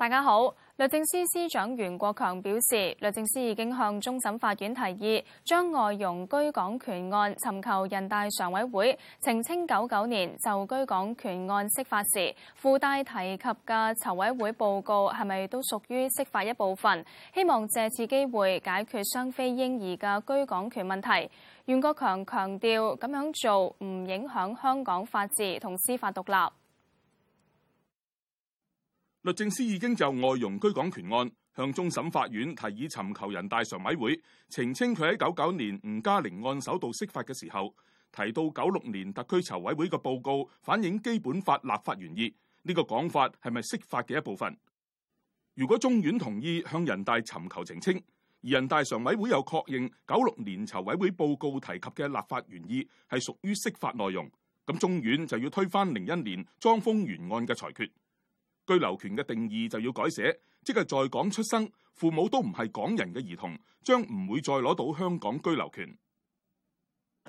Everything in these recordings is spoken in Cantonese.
大家好，律政司司長袁國強表示，律政司已經向終審法院提議將外傭居港權案尋求人大常委會澄清九九年就居港權案釋法時附帶提及嘅籌委會報告係咪都屬於釋法一部分，希望借此機會解決雙非嬰兒嘅居港權問題，袁國強強調，咁樣做唔影響香港法治同司法獨立。律政司已經就外傭居港權案向終審法院提議尋求人大常委會澄清，佢喺九九年吳嘉玲案首度釋法嘅時候提到九六年特區籌委會嘅報告反映基本法立法原意，呢個講法係咪釋法嘅一部分？如果終院同意向人大尋求澄清，而人大常委會又確認九六年籌委會報告提及嘅立法原意係屬於釋法內容，咁終院就要推翻零一年莊豐源案嘅裁決。居留權嘅定義就要改寫，即係在港出生，父母都唔係港人嘅兒童，將唔會再攞到香港居留權。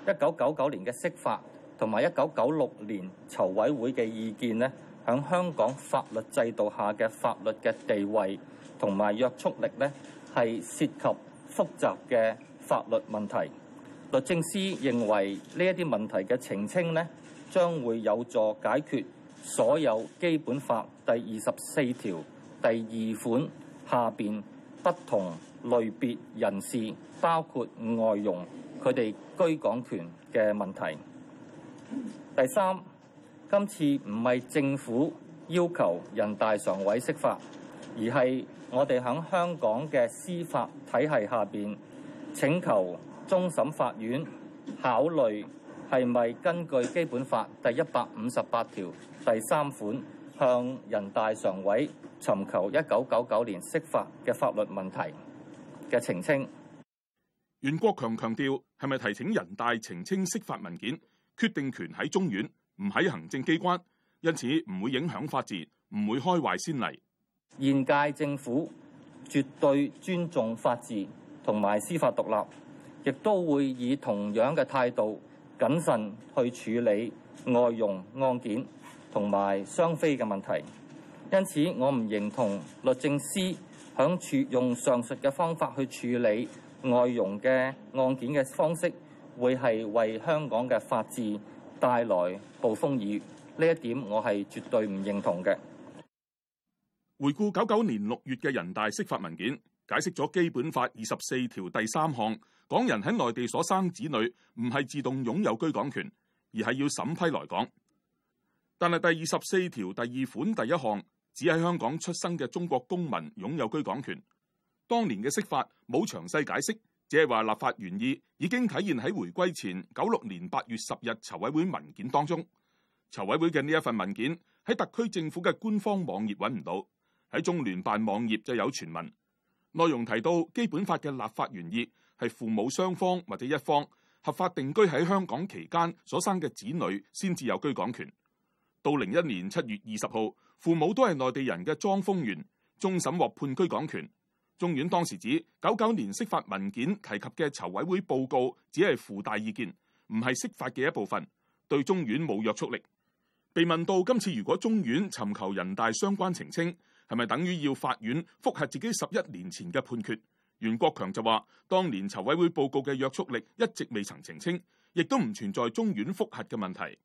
一九九九年嘅釋法同埋一九九六年籌委會嘅意見呢，響香港法律制度下嘅法律嘅地位同埋約束力呢，係涉及複雜嘅法律問題。律政司認為呢一啲問題嘅澄清呢，將會有助解決。所有基本法第二十四條第二款下邊不同類別人士，包括外傭，佢哋居港權嘅問題。第三，今次唔係政府要求人大常委釋法，而係我哋響香港嘅司法體系下邊請求終審法院考慮，係咪根據基本法第一百五十八條。第三款向人大常委尋求一九九九年釋法嘅法律問題嘅澄清。袁國強強調，係咪提請人大澄清釋法文件，決定權喺終院，唔喺行政機關，因此唔會影響法治，唔會開壞先例。現屆政府絕對尊重法治同埋司法獨立，亦都會以同樣嘅態度謹慎去處理外傭案件。同埋雙非嘅問題，因此我唔認同律政司響處用上述嘅方法去處理外傭嘅案件嘅方式，會係為香港嘅法治帶來暴風雨。呢一點我係絕對唔認同嘅。回顧九九年六月嘅人大釋法文件，解釋咗《基本法》二十四條第三項，港人喺內地所生子女唔係自動擁有居港權，而係要審批來港。但係第二十四條第二款第一項，只係香港出生嘅中國公民擁有居港權。當年嘅釋法冇詳細解釋，只係話立法原意已經體現喺回歸前九六年八月十日籌委會文件當中。籌委會嘅呢一份文件喺特區政府嘅官方網頁揾唔到，喺中聯辦網頁就有，傳聞內容提到，基本法嘅立法原意係父母雙方或者一方合法定居喺香港期間所生嘅子女先至有居港權。到零一年七月二十號，父母都係內地人嘅莊豐源終審獲判居港權。中院當時指九九年釋法文件提及嘅籌委會報告只係附帶意見，唔係釋法嘅一部分，對中院冇約束力。被問到今次如果中院尋求人大相關澄清，係咪等於要法院覆核自己十一年前嘅判決？袁國強就話：當年籌委會報告嘅約束力一直未曾澄清，亦都唔存在中院覆核嘅問題。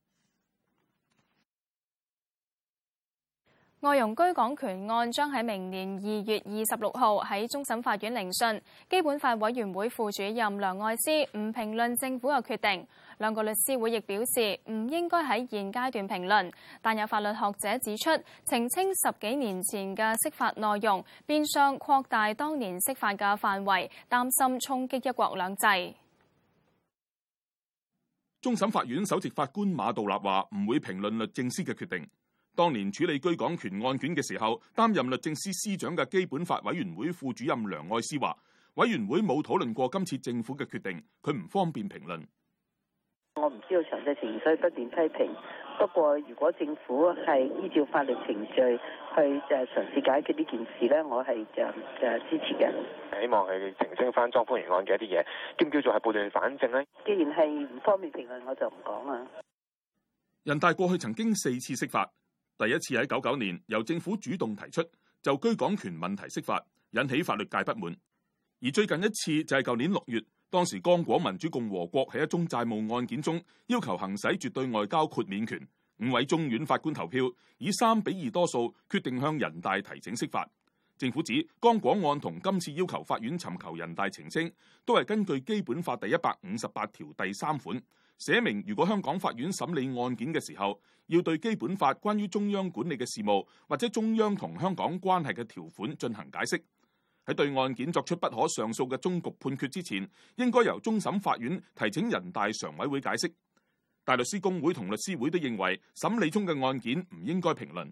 內容居港權案將喺明年二月二十六號喺終審法院聆訊。基本法委員會副主任梁愛詩唔評論政府嘅決定。兩個律師會亦表示唔應該喺現階段評論。但有法律學者指出，澄清十幾年前嘅釋法內容，變相擴大當年釋法嘅範圍，擔心衝擊一國兩制。終審法院首席法官馬道立話：唔會評論律政司嘅決定。當年處理居港權案件嘅時候，擔任律政司司長嘅基本法委員會副主任梁愛詩話，委員會冇討論過今次政府嘅決定，佢唔方便評論。我唔知道詳細程序不斷批評，不過如果政府係依照法律程序去就嘗試解決呢件事咧，我係就就支持嘅。希望佢澄清翻，莊豐源案嘅一啲嘢，叫唔叫做係不斷反證咧。既然係唔方便評論，我就唔講啦。人大過去曾經四次釋法。第一次喺九九年由政府主動提出就居港權問題釋法，引起法律界不滿。而最近一次就係舊年六月，當時剛果民主共和國喺一宗債務案件中要求行使絕對外交豁免權，五位中院法官投票以三比二多數決定向人大提請釋法。政府指剛果案同今次要求法院尋求人大澄清，都係根據基本法第一百五十八條第三款。寫明如果香港法院審理案件嘅時候，要對基本法關於中央管理嘅事務或者中央同香港關係嘅條款進行解釋，喺對案件作出不可上訴嘅終局判決之前，應該由終審法院提請人大常委會解釋。大律師公會同律師會都認為審理中嘅案件唔應該評論。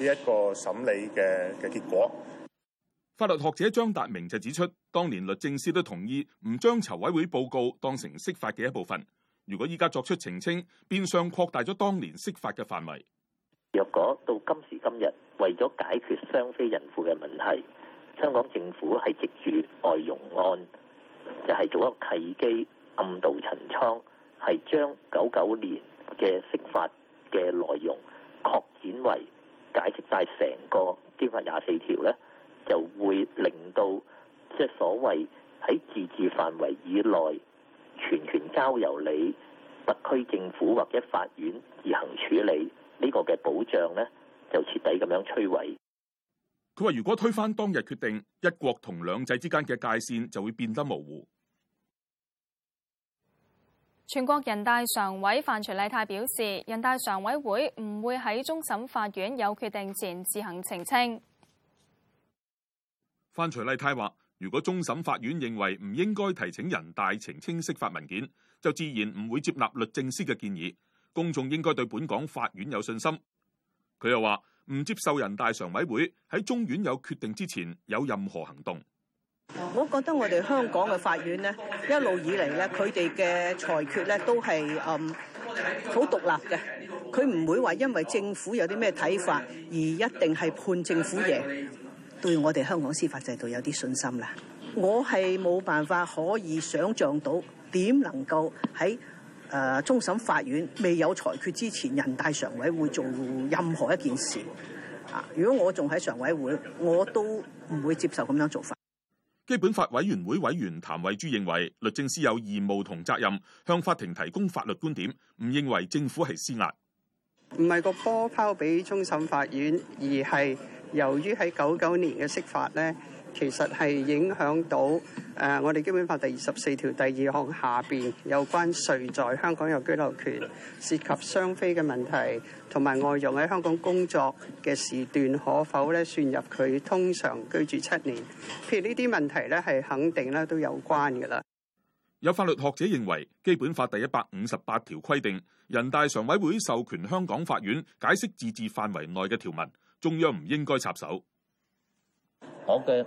呢、這、一個審理嘅嘅結果，法律學者張達明就指出，當年律政司都同意唔將籌委會報告當成釋法嘅一部分。如果依家作出澄清，變相擴大咗當年釋法嘅範圍。若果到今時今日，為咗解決雙非孕婦嘅問題，香港政府係藉住外傭案，就係、是、做一個契機，暗度陳倉，係將九九年嘅釋法嘅內容擴展為。解釋晒成個《基本法》廿四條咧，就會令到即係所謂喺自治範圍以內全權交由你特區政府或者法院自行處理呢個嘅保障咧，就徹底咁樣摧毀。佢話：如果推翻當日決定，一國同兩制之間嘅界線就會變得模糊。全國人大常委范徐麗泰表示，人大常委會唔會喺終審法院有決定前自行澄清。范徐麗泰話，如果終審法院認為唔應該提請人大澄清釋法文件，就自然唔會接納律政司嘅建議。公眾應該對本港法院有信心。佢又話，唔接受人大常委會喺中院有決定之前有任何行動。我覺得我哋香港嘅法院咧，一路以嚟咧，佢哋嘅裁決咧都係嗯好獨立嘅。佢唔會話因為政府有啲咩睇法而一定係判政府贏，對我哋香港司法制度有啲信心啦。我係冇辦法可以想象到點能夠喺誒終審法院未有裁決之前，人大常委會做任何一件事啊。如果我仲喺常委會，我都唔會接受咁樣做法。基本法委員會委員譚慧珠認為，律政司有義務同責任向法庭提供法律觀點，唔認為政府係施壓，唔係個波拋俾終審法院，而係由於喺九九年嘅釋法呢。其實係影響到誒，我哋基本法第二十四條第二項下邊有關誰在香港有居留權，涉及雙非嘅問題，同埋外傭喺香港工作嘅時段可否咧算入佢通常居住七年？譬如呢啲問題咧，係肯定咧都有關噶啦。有法律學者認為，基本法第一百五十八條規定，人大常委會授權香港法院解釋自治範圍內嘅條文，中央唔應該插手。講嘅。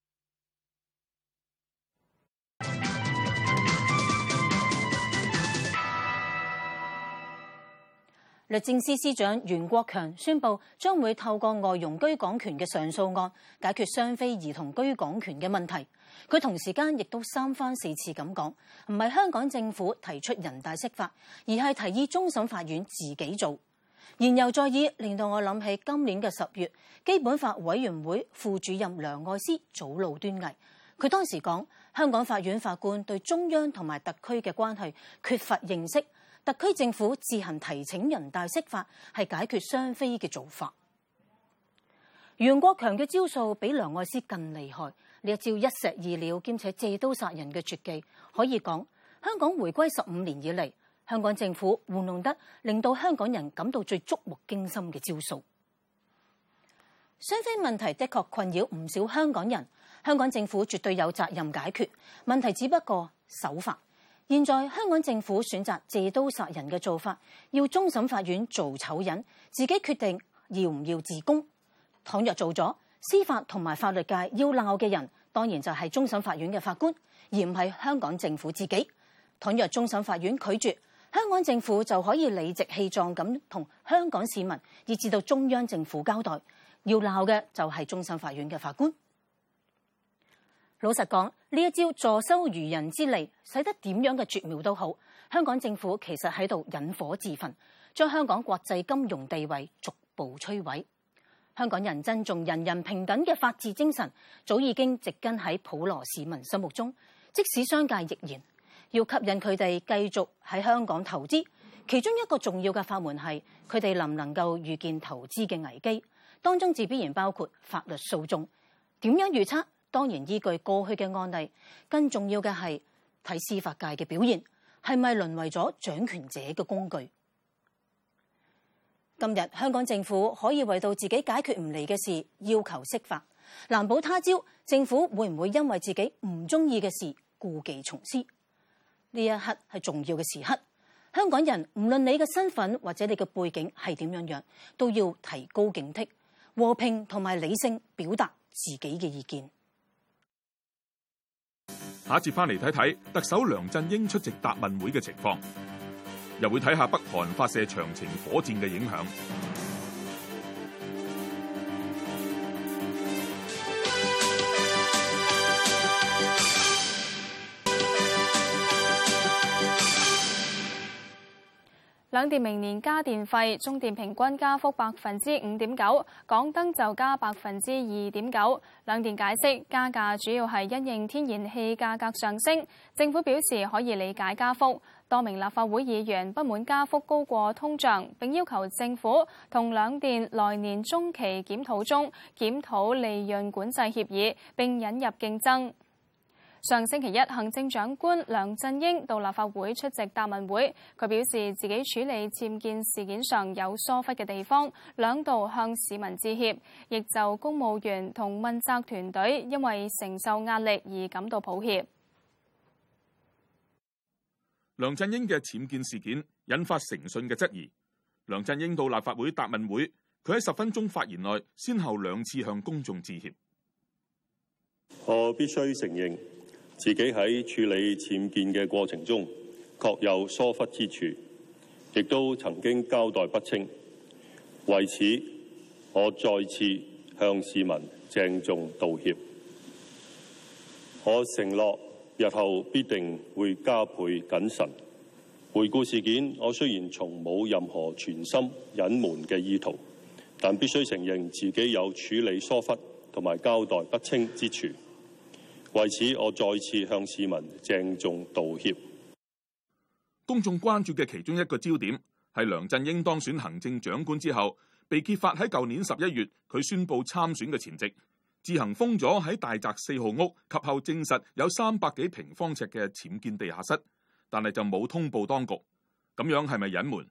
律政司司長袁國強宣布，將會透過外傭居港權嘅上訴案解決雙非兒童居港權嘅問題。佢同時間亦都三番四次咁講，唔係香港政府提出人大釋法，而係提議終審法院自己做。言猶在耳，令到我諗起今年嘅十月，基本法委員會副主任梁愛詩早露端倪。佢當時講，香港法院法官對中央同埋特區嘅關係缺乏認識。特區政府自行提請人大釋法，係解決雙非嘅做法。袁國強嘅招數比梁愛詩更厲害，呢一招一石二鳥，兼且借刀殺人嘅絕技，可以講香港回歸十五年以嚟，香港政府玩弄得令到香港人感到最觸目驚心嘅招數。雙非問題的確困擾唔少香港人，香港政府絕對有責任解決問題，只不過手法。現在香港政府選擇借刀殺人嘅做法，要終審法院做醜人，自己決定要唔要自供。倘若做咗，司法同埋法律界要鬧嘅人，當然就係終審法院嘅法官，而唔係香港政府自己。倘若終審法院拒絕，香港政府就可以理直氣壯咁同香港市民，以至到中央政府交代，要鬧嘅就係終審法院嘅法官。老實講，呢一招助收漁人之利，使得點樣嘅絕妙都好。香港政府其實喺度引火自焚，將香港國際金融地位逐步摧毀。香港人珍重人人平等嘅法治精神，早已經植根喺普羅市民心目中，即使商界亦然。要吸引佢哋繼續喺香港投資，其中一個重要嘅法門係佢哋能唔能夠預見投資嘅危機，當中自必然包括法律訴訟。點樣預測？當然依據過去嘅案例，更重要嘅係睇司法界嘅表現係咪淪為咗掌權者嘅工具。今日香港政府可以為到自己解決唔嚟嘅事要求釋法，難保他朝政府會唔會因為自己唔中意嘅事故技重施？呢一刻係重要嘅時刻，香港人無論你嘅身份或者你嘅背景係點樣樣，都要提高警惕，和平同埋理性表達自己嘅意見。下一節翻嚟睇睇特首梁振英出席答問會嘅情況，又會睇下北韓發射長程火箭嘅影響。兩電明年加電費，中電平均加幅百分之五點九，港燈就加百分之二點九。兩電解釋，加價主要係因應天然氣價格上升。政府表示可以理解加幅。多名立法會議員不滿加幅高過通脹，並要求政府同兩電來年中期檢討中檢討利潤管制協議，並引入競爭。上星期一，行政長官梁振英到立法會出席答問會。佢表示自己處理僭建事件上有疏忽嘅地方，兩度向市民致歉，亦就公務員同問責團隊因為承受壓力而感到抱歉。梁振英嘅僭建事件引發誠信嘅質疑。梁振英到立法會答問會，佢喺十分鐘發言內，先後兩次向公眾致歉。我必須承認。自己喺處理僭建嘅過程中，確有疏忽之處，亦都曾經交代不清。為此，我再次向市民鄭重道歉。我承諾，日後必定會加倍謹慎。回顧事件，我雖然從冇任何存心隱瞞嘅意圖，但必須承認自己有處理疏忽同埋交代不清之處。為此，我再次向市民鄭重道歉。公眾關注嘅其中一個焦點係梁振英當選行政長官之後，被揭發喺舊年十一月佢宣布參選嘅前夕，自行封咗喺大宅四號屋，及後證實有三百幾平方尺嘅僭建地下室，但係就冇通報當局。咁樣係咪隱瞞？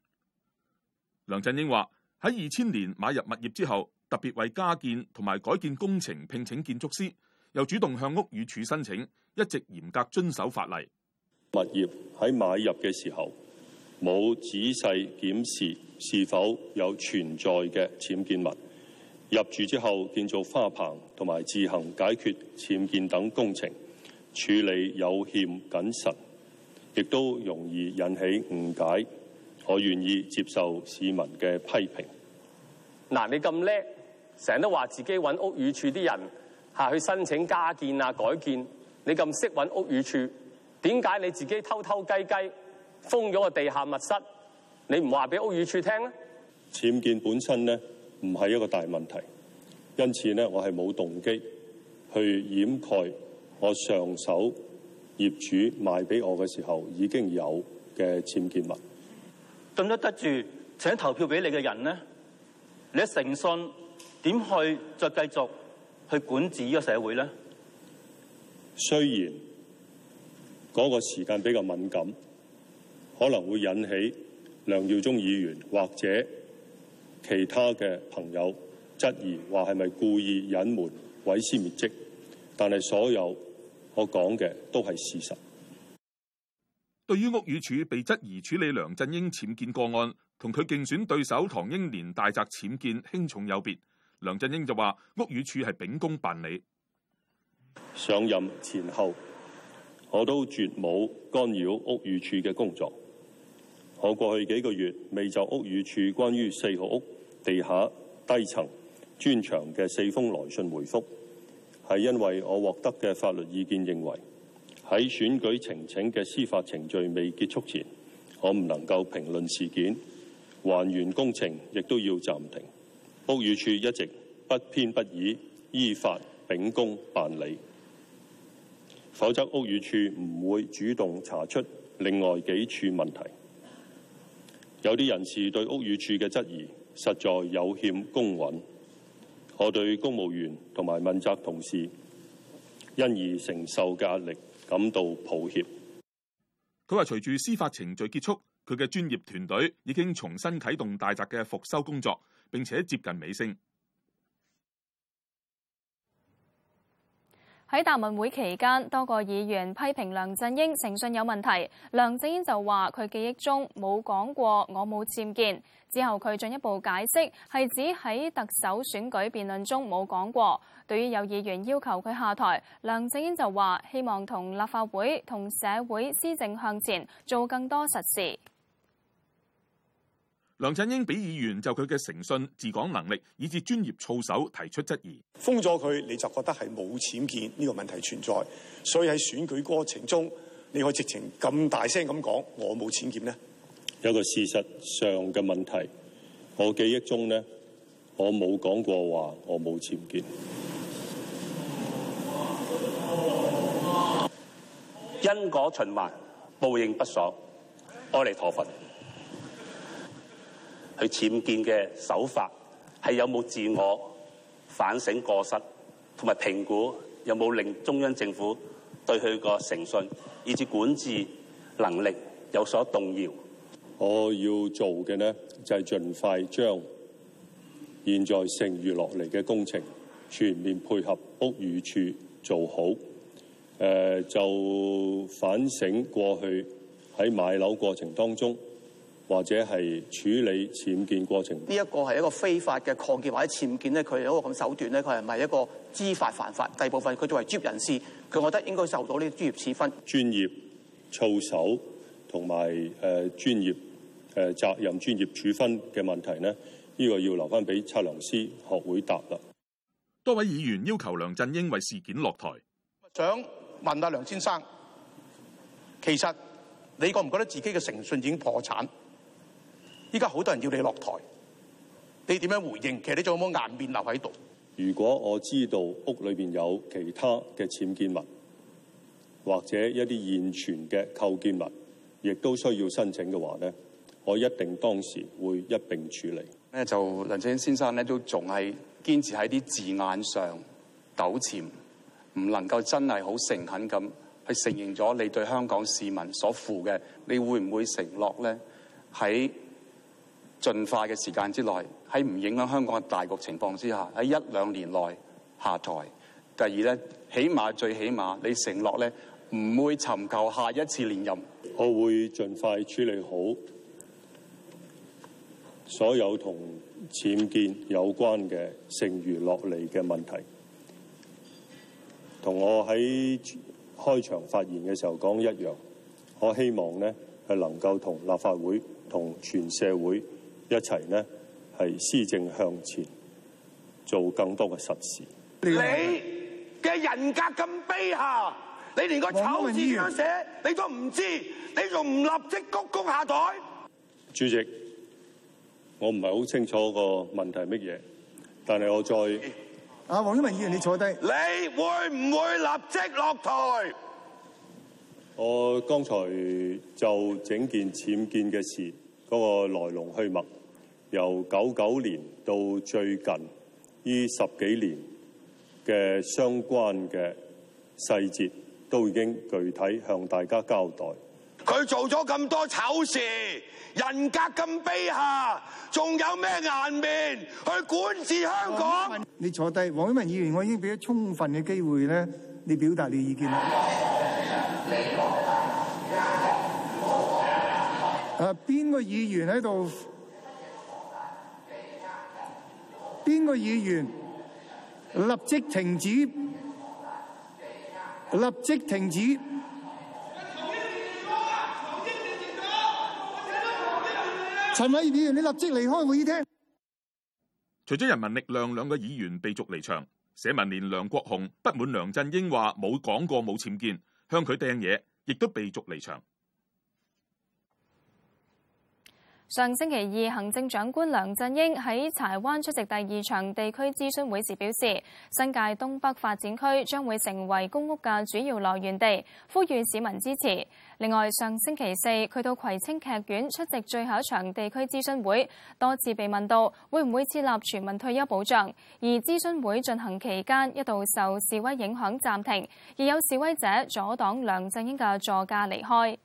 梁振英話喺二千年買入物業之後，特別為加建同埋改建工程聘請建築師。又主動向屋宇署申請，一直嚴格遵守法例。物業喺買入嘅時候冇仔細檢視是否有存在嘅僭建物，入住之後建造花棚同埋自行解決僭建等工程處理有欠謹慎，亦都容易引起誤解。我願意接受市民嘅批評。嗱，你咁叻，成日都話自己搵屋宇署啲人。去申請加建啊，改建，你咁識揾屋宇處，點解你自己偷偷雞雞封咗個地下密室？你唔話俾屋宇處聽咧？僭建本身咧，唔係一個大問題，因此咧，我係冇動機去掩蓋我上手業主賣俾我嘅時候已經有嘅僭建物。對唔對得住請投票俾你嘅人呢？你誠信點去再繼續，去管治呢個社會咧，雖然嗰個時間比較敏感，可能會引起梁耀忠議員或者其他嘅朋友質疑，話係咪故意隱瞞毀屍滅跡？但係所有我講嘅都係事實。對於屋宇署被質疑處理梁振英僭建個案，同佢競選對手唐英年大宅僭建輕重有別。梁振英就話：屋宇署係秉公辦理。上任前後，我都絕冇干擾屋宇署嘅工作。我過去幾個月未就屋宇署關於四號屋地下低層磚牆嘅四封來信回覆，係因為我獲得嘅法律意見認為，喺選舉呈請嘅司法程序未結束前，我唔能夠評論事件，還原工程亦都要暫停。屋宇署一直不偏不倚、依法秉公辦理，否則屋宇署唔會主動查出另外幾處問題。有啲人士對屋宇署嘅質疑實在有欠公允，我對公務員同埋問責同事因而承受嘅壓力感到抱歉。佢話：隨住司法程序結束，佢嘅專業團隊已經重新啟動大宅嘅復修工作。並且接近尾聲。喺答問會期間，多個議員批評梁振英誠信有問題。梁振英就話：佢記憶中冇講過我冇僭建。之後佢進一步解釋，係指喺特首選舉辯論中冇講過。對於有議員要求佢下台，梁振英就話希望同立法會同社會施政向前，做更多實事。梁振英俾議員就佢嘅誠信、治港能力，以至專業操守提出質疑。封咗佢，你就覺得係冇僭建呢個問題存在？所以喺選舉過程中，你可以直情咁大聲咁講，我冇僭建呢？有一個事實上嘅問題，我記憶中呢，我冇講過話我冇僭建。因果循環，報應不爽，阿彌陀佛。佢僭建嘅手法係有冇自我反省過失，同埋評估有冇令中央政府對佢個誠信，以至管治能力有所動搖。我要做嘅呢，就係、是、盡快將現在剩餘落嚟嘅工程全面配合屋宇署做好、呃。就反省過去喺買樓過程當中。或者係處理僭建過程，呢一個係一個非法嘅擴建或者僭建咧，佢有一個咁手段咧，佢係唔係一個知法犯法？大部分佢作為專業人士，佢覺得應該受到呢專業處分。專業操守同埋誒專業誒責任、專業處分嘅問題呢呢個要留翻俾測量師學會答啦。多位議員要求梁振英為事件落台，想問阿梁先生，其實你覺唔覺得自己嘅誠信已經破產？依家好多人要你落台，你點樣回應？其實你仲有冇顏面留喺度？如果我知道屋裏邊有其他嘅僭建物，或者一啲現存嘅構建物，亦都需要申請嘅話，咧，我一定當時會一併處理。咧就林鄭先生咧都仲係堅持喺啲字眼上糾纏，唔能夠真係好誠懇咁去承認咗你對香港市民所負嘅。你會唔會承諾咧？喺盡快嘅時間之內，喺唔影響香港嘅大局情況之下，喺一兩年內下台。第二咧，起碼最起碼，你承諾咧唔會尋求下一次連任。我會盡快處理好所有同僭建有關嘅剩餘落嚟嘅問題。同我喺開場發言嘅時候講一樣，我希望咧係能夠同立法會同全社會。一齊呢，係施政向前，做更多嘅實事。你嘅人格咁卑下，你連個醜字點樣寫你都唔知，你仲唔立即鞠躬下台？主席，我唔係好清楚個問題乜嘢，但係我再阿黃毓民議員，啊、你坐低，你會唔會立即落台？我剛才就整件僭建嘅事嗰、嗰個來龍去脈。由九九年到最近，呢十幾年嘅相關嘅細節，都已經具體向大家交代。佢做咗咁多醜事，人格咁卑下，仲有咩顏面去管治香港？文你坐低，黃毓民議員，我已經俾咗充分嘅機會咧，你表達你意見啦。啊，邊個議員喺度？邊個議員立即停止？立即停止！陳偉業議員，你立即離開會議廳。除咗人民力量兩個議員被逐離場，社民連梁國雄不滿梁振英話冇講過冇僭建，向佢掟嘢，亦都被逐離場。上星期二，行政長官梁振英喺柴灣出席第二場地區諮詢會時表示，新界東北發展區將會成為公屋嘅主要來源地，呼籲市民支持。另外，上星期四佢到葵青劇院出席最後一場地區諮詢會，多次被問到會唔會設立全民退休保障，而諮詢會進行期間一度受示威影響暫停，而有示威者阻擋梁振英嘅座駕離開。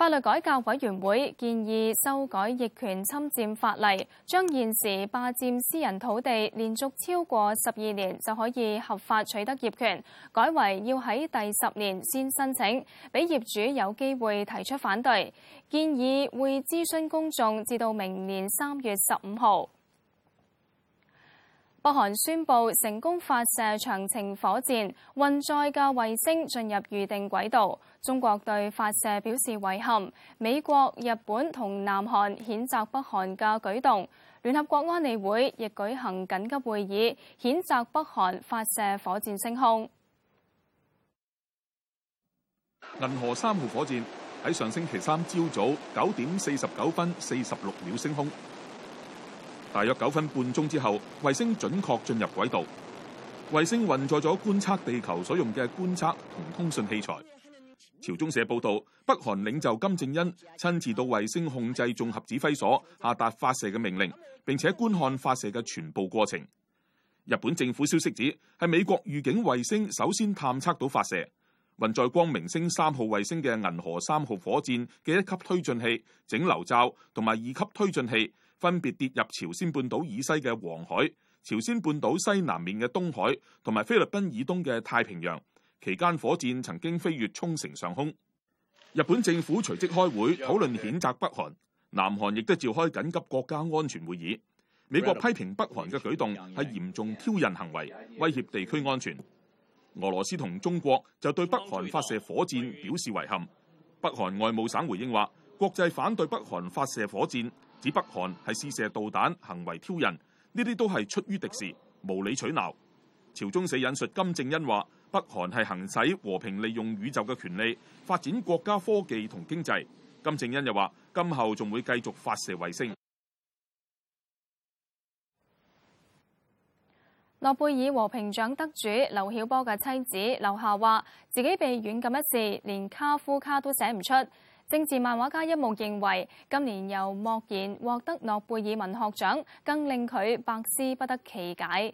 法律改革委員會建議修改逆權侵占法例，將現時霸佔私人土地連續超過十二年就可以合法取得業權，改為要喺第十年先申請，俾業主有機會提出反對。建議會諮詢公眾，至到明年三月十五號。北韓宣布成功發射長程火箭，運載嘅衛星進入預定軌道。中國對發射表示遺憾，美國、日本同南韓譴責北韓嘅舉動。聯合國安理會亦舉行緊急會議，譴責北韓發射火箭升空。銀河三號火箭喺上星期三朝早九點四十九分四十六秒升空。大約九分半鐘之後，衛星準確進入軌道。衛星運載咗觀測地球所用嘅觀測同通訊器材。朝中社報道，北韓領袖金正恩親自到衛星控制綜合指揮所下達發射嘅命令，並且觀看發射嘅全部過程。日本政府消息指，係美國預警衛星首先探測到發射，運載光明星三號衛星嘅銀河三號火箭嘅一級推進器、整流罩同埋二級推進器。分別跌入朝鮮半島以西嘅黃海、朝鮮半島西南面嘅東海同埋菲律賓以東嘅太平洋。期間，火箭曾經飛越沖繩上空。日本政府隨即開會討論譴責北韓，南韓亦都召開緊急國家安全會議。美國批評北韓嘅舉動係嚴重挑釁行為，威脅地區安全。俄羅斯同中國就對北韓發射火箭表示遺憾。北韓外務省回應話，國際反對北韓發射火箭。指北韓係試射導彈，行為挑釁，呢啲都係出於敵視、無理取鬧。朝中社引述金正恩話，北韓係行使和平利用宇宙嘅權利，發展國家科技同經濟。金正恩又話，今後仲會繼續發射衛星。諾貝爾和平獎得主劉曉波嘅妻子劉霞話，自己被軟禁一事，連卡夫卡都寫唔出。政治漫畫家一木認為，今年由莫言獲得諾貝爾文學獎，更令佢百思不得其解。